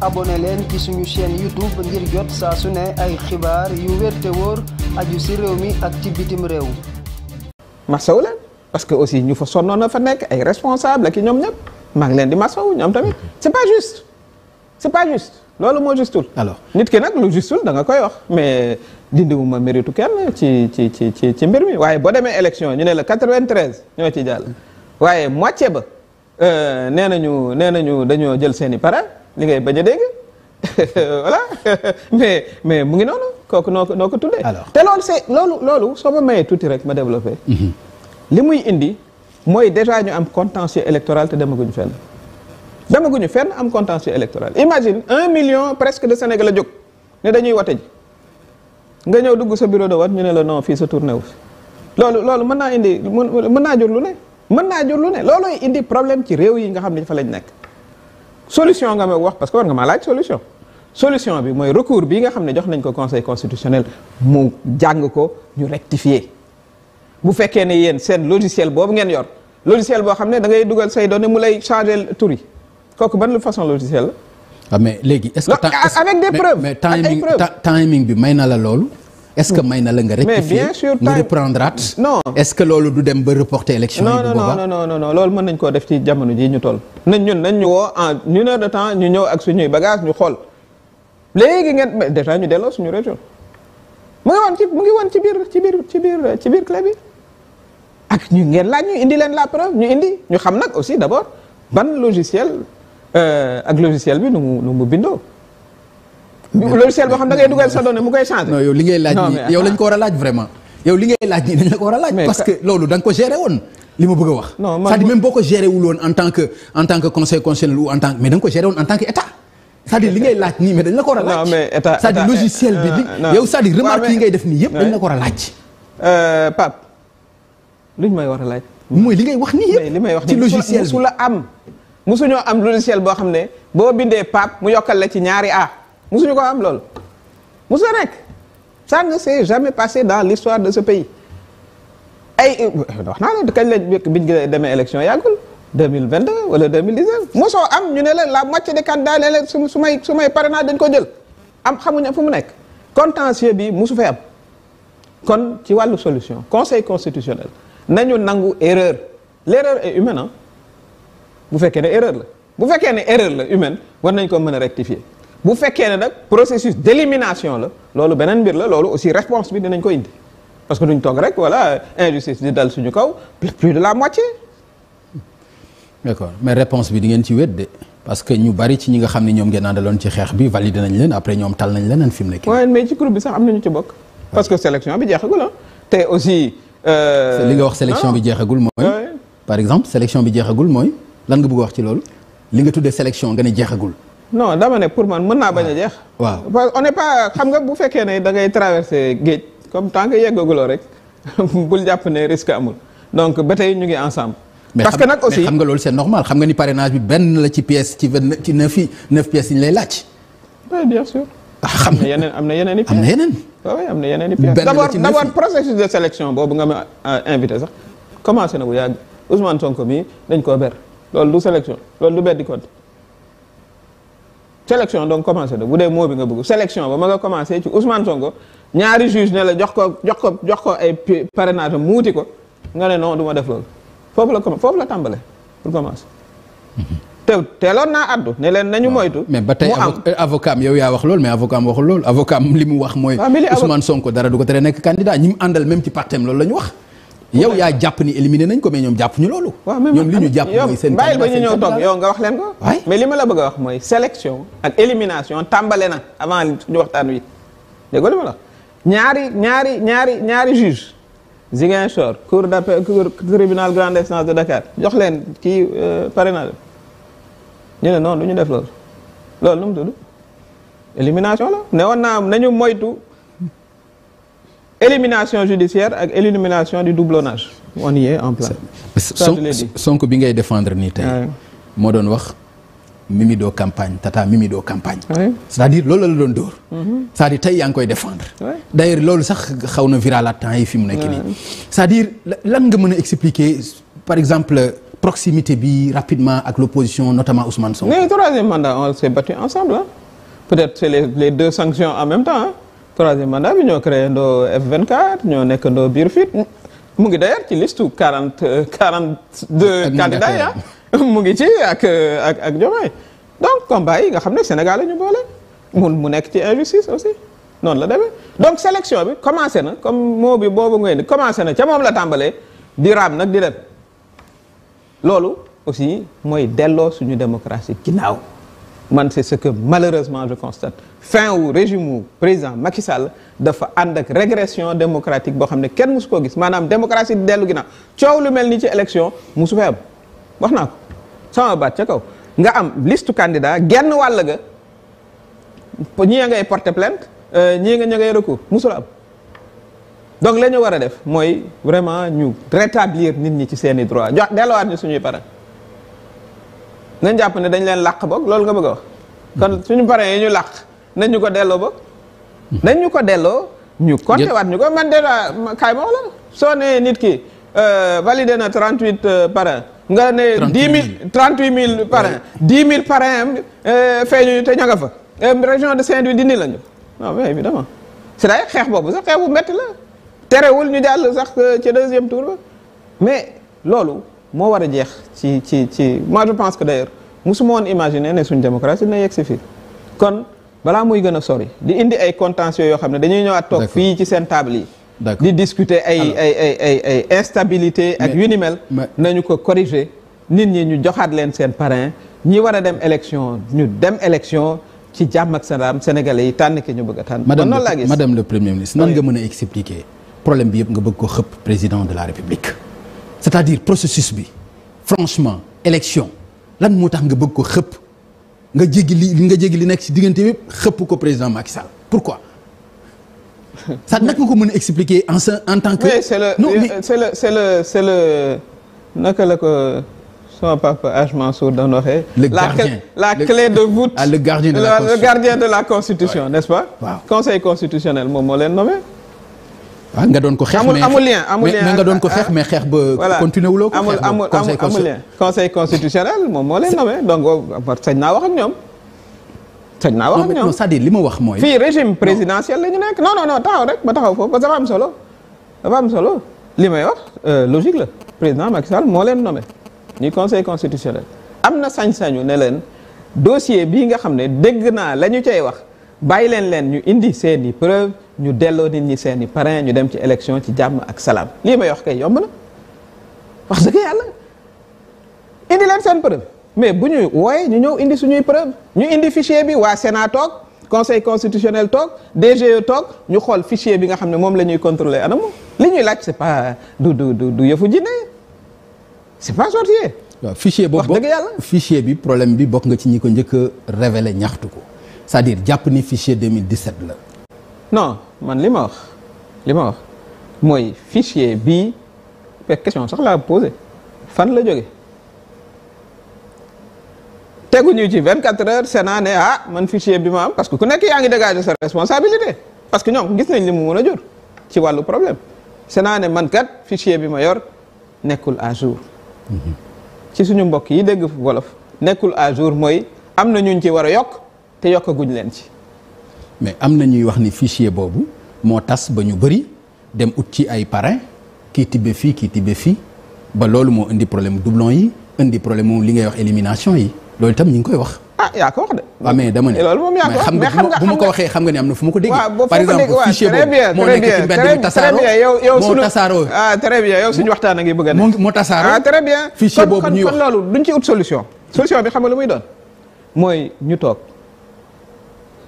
abone leen ci suñu chaîne YouTube ngir jot saa su ne ay xibaar yu wér te wóor aju si réew mi ak ci bitim réew. masawu leen parce que aussi ñu fa sonnoon na fa nekk ay responsable ak ñoom ñëpp maa leen di masawu ñoom tamit c'est pas juste c'est loolu moo justul. alors nit ki nag lu justul da nga koy wax mais dindiwuma méritu kenn ci ci ci ci ci mbir mi waaye boo demee élection ñu ne la 93 ñoo ci jàll waaye moitié ba euh, nee nañu nee nañu dañoo jël seen i parrain li ngay bañ a dégg voilà mais mais mu ngi noonu kooku noo ko noo ko tuddee. alors te loolu c'est loolu soo mayee tuuti rek ma développé. Mhm. li muy indi mooy déjà ñu am contentieux électoral te demaguñu fenn. demaguñu fenn am contentieux électoral imagine un million presque de Sénégalais jóg ne dañuy wote ji nga ñëw dugg sa bureau de vote ñu ne la non fii sa tournée wu loolu loolu mën naa indi mën naa jur ne mën naa jur ne loolooy indi problème ci réew yi nga xam ne fa lañ nekk. solution nga ma wax parce que war nga maa laaj solution solution bi mooy recours bi nga xam ne jox nañ ko conseil constitutionnel mu jàng ko ñu rectifier bu fekkee ne yéen seen logiciel boobu ngeen yor logiciel boo xam ne da ngay dugal say données mu lay changer turi yi kooku ban façon logiciel la. Ah, mais léegi est-ce que. avec des preuves mais timing timing bi may na la loolu. est-ce que may na la nga rectifier mais bien sûr ñu reprendraat non est-ce que loolu du dem ba reporter élection yi bu boobaa non non non non loolu mën nañ koo def ci jamono ji ñu toll nañ ñun nañ ñu woo en une heure de temps ñu ñëw ak suñuy bagage ñu xool léegi ngeen déjà ñu delloo suñu région mu ngi woon ci mu ngi woon ci biir ci biir ci biir ci biir club yi ak ñu ngeen laaj ñu indi leen la preuve ñu indi ñu xam nag aussi d'abord ban logiciel euh, ak logiciel bi nu mu nu mu bindoo logiciel boo xam da ngay dugal sa donnée mu laaj nii yow lañ ko war a laaj vraiment. yow li laaj nii dañ la ko war a laaj. parce que loolu a wax. non ko géré wul woon en tant que en tant que conseil constitutionnel ou nga ko géré woon en tant li ngay may war a laaj. mooy li ngay wax nii yëpp li may wax nii ci logiciel bi su la am. mosuñoo logiciel boo xam ne boo bindee Pape mu yokkal la ci ñaari A musuñu ko am loolu musu nekk ça ne s'est jamais passé dans l'histoire de ce pays ay wax naa la kañ la biñ demee élection yàggul 2022 wala 2019 mosoo am ñu ne la la moitié des candidats ne la su su may pare may parrainage dañ ko jël am xamuñu fu mu nekk contentieux bi mosu fay am kon ci wàllu solution conseil constitutionnel nañu nangu erreur l'erreur est humaine ah bu fekkee ne erreur la bu fekkee ne erreur la humaine war nañ ko mën a rectifier bu fekkee ne nag processus d'élimination la loolu beneen mbir la loolu aussi réponse bi dinañ ko indi parce que duñ toog rek voilà injustice di dal suñu kaw plus de la moitié. d'accord mais réponse bi di ngeen ci wet de parce que ñu bari ci ñi nga xam ne ñoom ngeen loon ci xeex bi validé nañ leen après ñoom tal nañ leneen fi mu nekk. waaye mais ci groupe bi sax am nañu ci bokk. Ah. parce que sélection bi jeexagul ah te aussi. Euh, li nga wax sélection ah. bi jeexagul mooy. par exemple sélection bi jeexagul mooy lan nga bëgg wax ci li nga tuddee sélection nga ne jeexagul. non dama ne pour man mën naa bañ a jeex. Ah, waaw parce que on xam nga bu fekkee ne da ngay traverser géej comme tant que yeggaguloo rek bul jàpp ne risque amul donc ba tey ñu ngi ensemble. parce que nag aussi mais xam loolu c'est normal xam nga ni parrainage bi benn la ci pièce ci vingt ci neuf yi neuf pièces yi ñu na yeneen am na yeneen i pièces am na yeneen. am na yeneen i pièces. d'abord d'abord processus de sélection boobu nga ma euh, invité sax commencé na bu yàgg Ousmane Sonko mii dañ koo ber loolu du sélection loolu du beddi compte. sélection donc commencé na bu dee moo bi nga bëgg sélection ba ma nga commencé ci Ousmane Sonko ñaari juge ne jox ko jox ko jox ko ay parrainage am muuti ko nga ne non du ma def loolu foofu la com foofu la tàmbale pour commencer. te teeloon naa addu ne nañu moytu. mais ba tey euh, avocat am yaa wax loolu mais avocat am waxul loolu avocat am li mu wax mooy. Ah, Ousmane Sonko dara du ko tere nekk candidat ñi àndal même ci partem loolu la ñu wax. yow yaa jàpp ni éliminé nañ ko mais ñoom jàpp ñu loolu. ñoom li ñu jàpp mooy seen. bàyyil ba ñu ñëw toog yow nga wax ko. mais li ma la bëgg a wax mooy sélection ak élimination tàmbale na avant suñu waxtaan wi dégg nga li la wax ñaari ñaari ñaari ñaari juge Ziguinchor cour d'appel cour tribunal grande instance de Dakar jox leen kii euh, parrainage ñu ne noonu du ñu def loolu loolu nu mu tudd élimination la ne woon naa nañu moytu. élimination judiciaire ak élimination du doublonnage on y est en bi ngay défendre nii tey. moo doon wax Mimi doo campagne tata Mimi doo campagne. c'est-à-dire loolu la doon dóor. Mhm. c'est-à-dire yaa ngi koy défendre. d'ailleurs loolu sax xaw na viral la temps yi fi mu nekk nii. c'est-à-dire lan nga mën a expliquer par exemple. proximité bi rapidement ak l'opposition notamment Ousmane Sonko. mais troisième mandat on s'est battu ensemble hein? c'est les les deux sanctions en même temps troisième mandat bi ñoo créé ndoo F24 ñoo nekk ndoo biir fit mu ngi d'ailleurs ci liste quarante euh, quarante deux candidats ah. mu ngi ci ak euh, ak ak Diomaye donc combat yi nga xam ne Sénégal la ñu boole mun mu nekk ci injustice aussi noonu la demee donc sélection bi commencé na comme moo bi boobu ngay ni commencé na ca moom la tàmbalee di raam nag di dem loolu aussi mooy delloo suñu démocratie ginnaaw man c'est ce que malheureusement je constate fin wu régime wu président Macky Sall dafa ànd ak régression démocratique boo xam ne kenn mosu koo gis maanaam démocratie di dellu ginnaaw coow lu mel ni ci élection mosu fay am wax naa ko sama baat ca kaw nga am listu candidat genn wàll ga ñii ngay porter plainte euh, ñii nga ña ngay recours mosul am donc la ñu war a def mooy vraiment ñu rétablir nit ñi ci seeni droit jox delluwaat ñu suñuy parents nañ jàpp ne dañ leen làq boog loolu nga bëgg a wax kon suñu parents yi ñu làq nañ ñu ko delloo boog nañ ñu ko delloo ñu compté waat ñu ko man dèjà kaay ma wala soo nee nit ki euh, valide na 38 euh, parrain nga ne 10 000 38 000 parrain 10 000 parrain am euh, feeñu te ña nga fa région de Saint-Louis dindi la ñu non mais évidemment c'est-à-dire xeex boobu sax xeex bu métti la terewul ñu jàll sax ci deuxième tour ba mais loolu moo war a jeex ci ci ci moi je pense que d'ailleurs musuma woon imaginer ne suñ démocratie dina yegg si fii kon balaa muy gën a sori di indi ay contentieux yoo xam ne dañuy ñëwaat toog fii ci seen table yi di discuter ay instabilité ak yu ni mel nañu ko corriger nit ñi ñu joxaat leen seen parrain ñi war a dem election ñu dem élection ci jàmm ak salaam sénégalais yi tànn ki ñu bëgg a tànn madame noonu laa gis madame le premier ministre nan nga mën a expliquer problème bi yëpp nga ko xëpp président de la république c'est-à-dire processus bi franchement élection lan moo tax nga bëgg ko xëpp nga jéggi li nga jéggi li nekk ci diggante bi xëpp ko président Macky Sall pourquoi. ça naka nga ko mën a expliquer en en tant que. Oui, c'est le, non mais c'est le c'est le c'est naka la ko sama papa Hadj Mansour doon waxee. le gardien la la clé de voûte. Ah, le gardien de la constitution le gardien de la constitution n'est-ce pas. conseil constitutionnel moom moo leen nommé. ah nga doon ko xeex mais amul lien amul lien mais nga doon ko xeex mais xeex ba. voilà continué wuloo ko xeex amul amul lien conseil constitutionnel moom moo leen nommé donc sañ naa wax ak ñoom. sañ naa wax ak ñoom non cest à li ma wax mooy. fii régime présidentiel la ñu nekk non non non taxaw rek ba taxaw foofu ba que am solo dafa solo li may wax euh, logique la président Macky Sall moo leen nommé ñuy conseil constitutionnel. am na sañ-sañu ne leen dossier bi nga xam ne dégg naa la ñu cay wax bàyyi leen leen ñu indi seen i preuve ñu delloo nit ñi seen i parrain ñu dem ci élection ci jàmm ak salaam lii may wax kay yomb na wax dëgg yàlla indi leen seen preuve mais bu ñuy wooye ñu ñëw indi suñuy preuve ñu indi fichier bi waa Sénat toog conseil constitutionnel toog DGE toog ñu xool fichier bi nga xam ne moom la ñuy contrôler anamu li ñuy laaj c'est pas du du du du yëfu jinne c'est pas sorcier waaw fichier boobu yàlla fichier bi problème bi bokk nga ci ñi ko njëkk a révélé ñaxtu ko c'est-à-dire jàpp ni fichier 2017 la. non man li ma wax li wax mooy fichier bii question sax laa posé fan la jóge teguñu ci 24 heures Sénat ne ah man fichier bi ma am parce que ku nekk yaa ngi dégager sa responsabilité parce que ñoom gis nañ li mu mun a jur ci wàllu problème Sénat ne man kat fichier bi ma yor nekkul à jour. Mhm. ci suñu mbokk yi dégg wolof nekkul à jour mooy am na ñuñ ci war a yokk te yokkaguñ leen ci. mais am na ñuy wax ni fichier boobu moo tas ba ñu bëri dem ut ci ay parrain kii tibbe fii kii tibbe fii ba loolu moo indi problème doublon yi indi problème moom li ngay wax élimination yi loolu itam ñu ngi koy wax. ah yaa ko wax de. waaw ah, mais dama ne eh, loolu moom yaa ko xam nga bu ma ko waxee xam nga ne am na fu ma ko déggee. par exemple fichier boobu moo nekk ci mbedd bi tasaaroo ah, moo tasaaroo. ah très bien yow a a nekk. moo tasaaroo ah très bien. kon loolu duñ ci ut solution. solution bi xam nga lu muy doon mooy ñu toog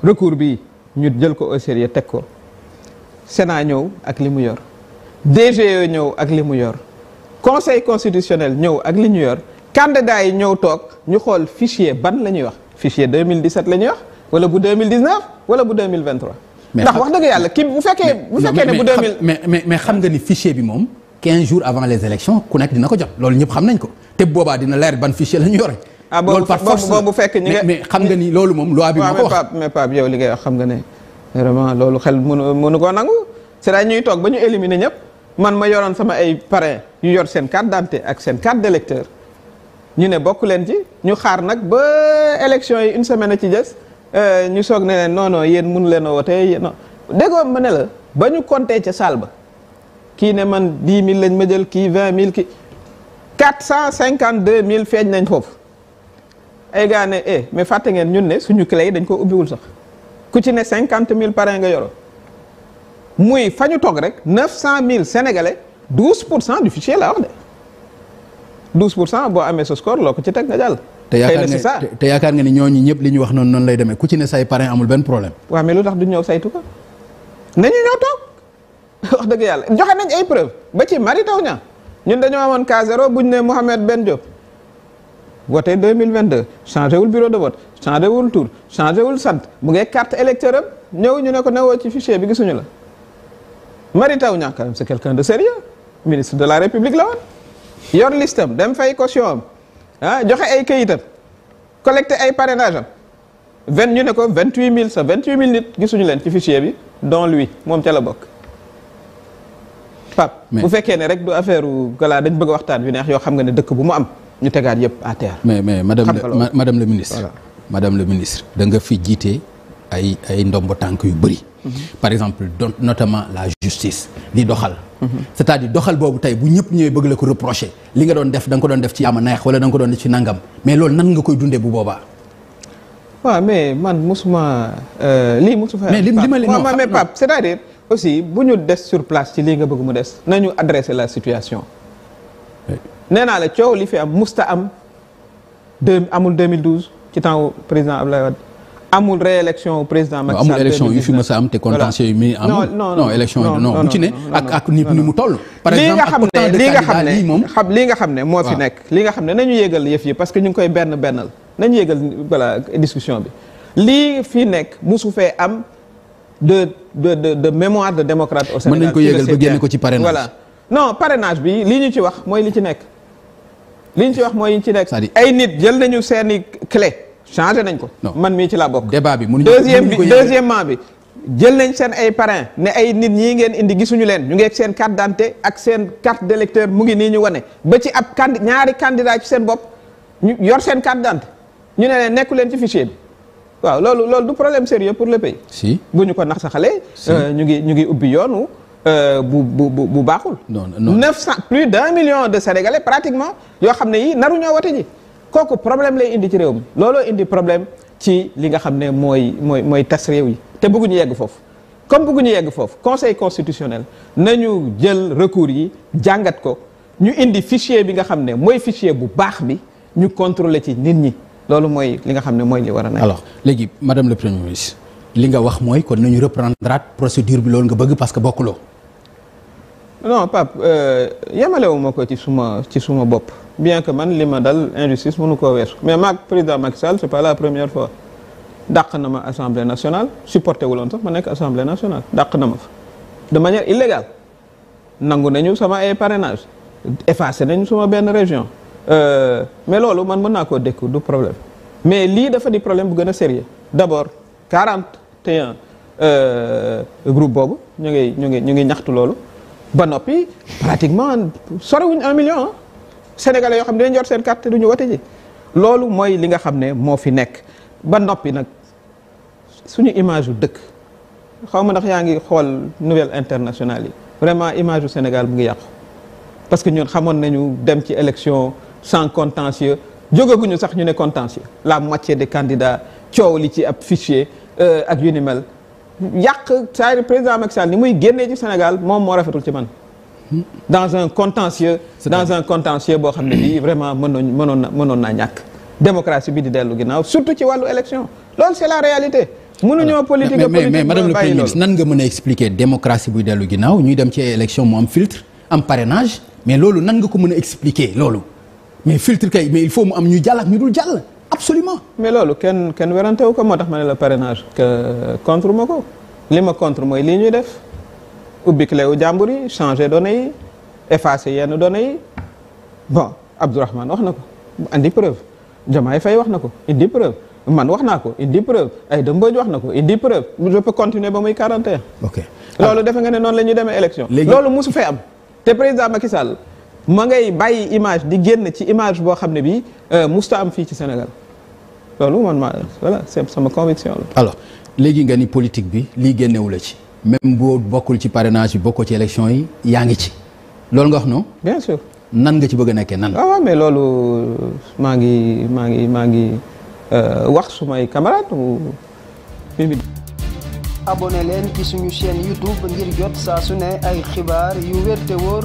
recours bi ñu jël ko au sérieux teg ko Sénat ñëw ak li mu yor DGE ñëw ak li mu yor conseil constitutionnel ñëw ak li ñu yor candidat yi ñëw toog ñu xool fichier ban la ñuy wax fichier 2017 la ñuy wax wala bu 2019 wala bu 2023. ndax wax dëgg yàlla ki bu fekkee bu fekkee ne bu mais mais xam nga ni fichier bi moom 15 jours avant les élections ku nekk dina ko jot loolu ñëpp xam nañ ko te boobaa dina leer ban fichier la ñu yore. ah boobu boobu fekk ñu nga mais xam nga ni loolu moom loi bi moo ko wax mais Pape yow li wax xam nga ne vraiment loolu xel mënu mënu koo nangu cest à ñuy toog ba ñu éliminer ñëpp man ma yoroon sama ay parrain yu yor seen carte d'identité ak seen carte d'électeur ñu ne bokk leen ci ñu xaar nag ba élection yi une semaine a ci des euh, ñu soog ne leen non non yéen mënu leen a wote yéen non déggoo ma ne la ba ñu compter ca salle ba kii ne man 10 mille lañ ma jël kii 20 000 kii 452 000 feeñ nañ foofu ay gars ne eh mais fàtte ngeen ñun ne suñu clé dañ ko ubbiwul sax ku ci ne cinquante mille parrain nga yoro muy fa ñu toog rek neuf cent mille sénégalais douze pour cent du fichier la wax de douze boo amee sa score loo ko ci teg nga jàll. te yaakaar nga te yaakaar nga ni ñooñu ñëpp li ñu wax noon noonu lay demee ku ci ne say parrain amul benn problème. waaw mais lu tax du ñëw saytu ko nañu ñëw toog wax dëgg yàlla joxe nañ ay preuve ba ci Mary Teuw Niane ñun dañoo amoon cas zéro bu ñu nee benn Ben voté 2022 changé wul bureau de vote changé wul tour changé wul sant mu ngi carte électeur am ñëw ñu ne ko newoo ci fichier bi gisuñu la Mary wu Niane quand même quelqu'un de sérieux ministre de la république la woon yor listam dem fay caution am ah joxe ay këyitam collecté ay parrainage am ñu ne ko vingt huit mille sa vingt huit mille nit gisuñu leen ci fichier bi dont lui moom ca la bokk Pape bu fekkee ne rek du affaire u dañ bëgg waxtaan wi neex yoo xam ne dëkk bu mu am ñu tegaat yëpp à terre. mais mais madame la madame la ministre. Voilà. madame la ministre da nga fi jiite ay ay ndombo tànk yu bëri. Mhm. par exemple donc notamment la justice di doxal. Mhm. c'est-à-dire doxal boobu tey bu ñëpp ñëwee bëgg la ko reprocher li nga doon def da ko doon def ci ama neex wala da nga ko doon def ci nangam mais loolu nan nga koy dundee bu boobaa. waaw mais man mosuma euh, lii mosu fa. mais li ma li mais Pape c'est-à-dire aussi bu ñu des sur place ci lii nga bëgg mu des nañu adresser la situation. nee naa la coow li fi am musta am deux amul 2012 ci temps wu président Abdoulaye Wade amul réélection président Macky Sall amul élection yu fi mës a am te contentieux yu muy amul non non élection non bu ci ne ak ak mu toll par exemple ak moom xam li nga xam ne moo fi nekk li nga xam ne nañu yégal yëf yi parce que ñu koy benn bennal nañu yégal voilà discussion bi lii fi nekk musu fee am de de de de mémoire de démocrate au Sénégal mën ko yégal ba génne ko ci parrainage voilà non parrainage bi lii ñu ci wax mooy li ci nekk liñ ci wax mooy yiñ ci nekk ay nit jël nañu seeni clé changé nañ ko man mii ci laa bokk débat bi mënuñu deuxième bi deuxièmement bi jël nañ seen ay parrain ne ay nit ñii ngeen indi gisuñu leen ñu ngi seen carte d'identité ak seen carte d'électeur mu ngi nii ñu wane ba ci ab candi ñaari candidat ci seen bopp ñu yor seen carte d'identité ñu ne leen nekku leen ci fichier bi waaw loolu loolu du problème sérieux pour le pays bu ñu ko nax saxalee euh, ñu ngi ñu ngi ubbi yoonu Euh, bu bu bu baaxul. non non neuf cent plus d' un million de sénégalais pratiquement yoo xam ne yii naru ñoo wote ji kooku problème lay indi ci réew mi looloo indi problème ci li nga xam ne mooy mooy mooy tas réew yi te bëgguñu yegg foofu. comme bëgguñu yegg foofu conseil constitutionnel ñu jël recours yi jàngat ko ñu indi fichier bi nga xam ne mooy fichier bu baax bi ñu contrôler ci nit ñi loolu mooy li nga xam ne mooy li war a nekk. léegi madame le premier ministre li nga wax mooy kon nañu reprendre procédure bi loolu nga bëgg parce que bokkuloo. non Pape euh, yemalewu ma ko ci suma ci suma bopp bien que man li ma dal injustice mënu koo weesu mais maag président Macky Sall c'est pas la première fois dàq na ma assemblée nationale supporté wuloon sax ma nekk assemblée nationale dàq na ma fa de manière illégale nangu nañu sama ay parrainage effacé nañu suma benn région euh, mais loolu man mën naa koo dékku du problème mais lii dafa di problème bu gën a sérieux d'abord quarante et un euh, groupe boobu ñu ngi ñu ngi ñu ngi ñaxtu loolu ba noppi pratiquement sorewuñ un million ah yoo xam ne dañ yor seen carte te duñu wote ji loolu mooy li nga xam ne moo fi nekk ba noppi nag suñu image yu dëkk xaw ma ndax yaa ngi xool nouvelle internationale yi vraiment image Sénégal mu ngi yàqu parce que ñun xamoon nañu dem ci élection sans contentieux jógaguñu sax ñu ne contentieux la moitié des candidats coow li ci ab fichier euh, ak yu mel yàq saa yu président Macky Sall ni muy génnee ci Sénégal moom moo rafetul ci man. dans un contentieux. dans un contentieux boo xam ne bii vraiment mënoon mënoon na naa ñàkk. démocratie bi di dellu ginnaaw surtout ci wàllu élection loolu c'est la réalité. mënuñoo politique politique mais madame le premier nan nga mën a expliquer démocratie dellu ginnaaw ñuy dem ci élection mu am filtre am parrainage mais loolu nan nga ko mën a expliquer loolu mais filtre kay mais il faut mu am ñu jàll ak ñu dul jàll. absolument mais loolu kenn kenn werante ko moo tax ma ne la parrainage contre ma ko li ma contre mooy lii ñuy def ubbi clé wu jàmbur yi changer données yi effacer yenn données yi bon Abdourahmane wax na ko indi preuve Diomaye fay wax na ko indi preuve man wax naa ko indi preuve ay dëmbooj wax na ko indi preuve je peux continuer ba muy 41. ok loolu defe nga ne noonu la ñuy demee élection. loolu mosu fee am te président Macky Sall. ma ngay bàyyi image di génn ci image boo xam ne bi euh, musta am fii ci Sénégal loolu man ma sama conviction la. alors léegi nga ni politique bi lii génnewu la ci. même boo bokkul ci parrainage bi bokkoo ci élection yi yaa ngi ci loolu nga wax non. bien sûr nan nga ci bëgg a nekkee nan. waaw ah mais loolu maa ngi maa ngi maa ngi euh, wax sumay camarades mimi. abonné leen ci suñu chaîne YouTube ngir jot saa su ne ay xibaar yu wér wóor.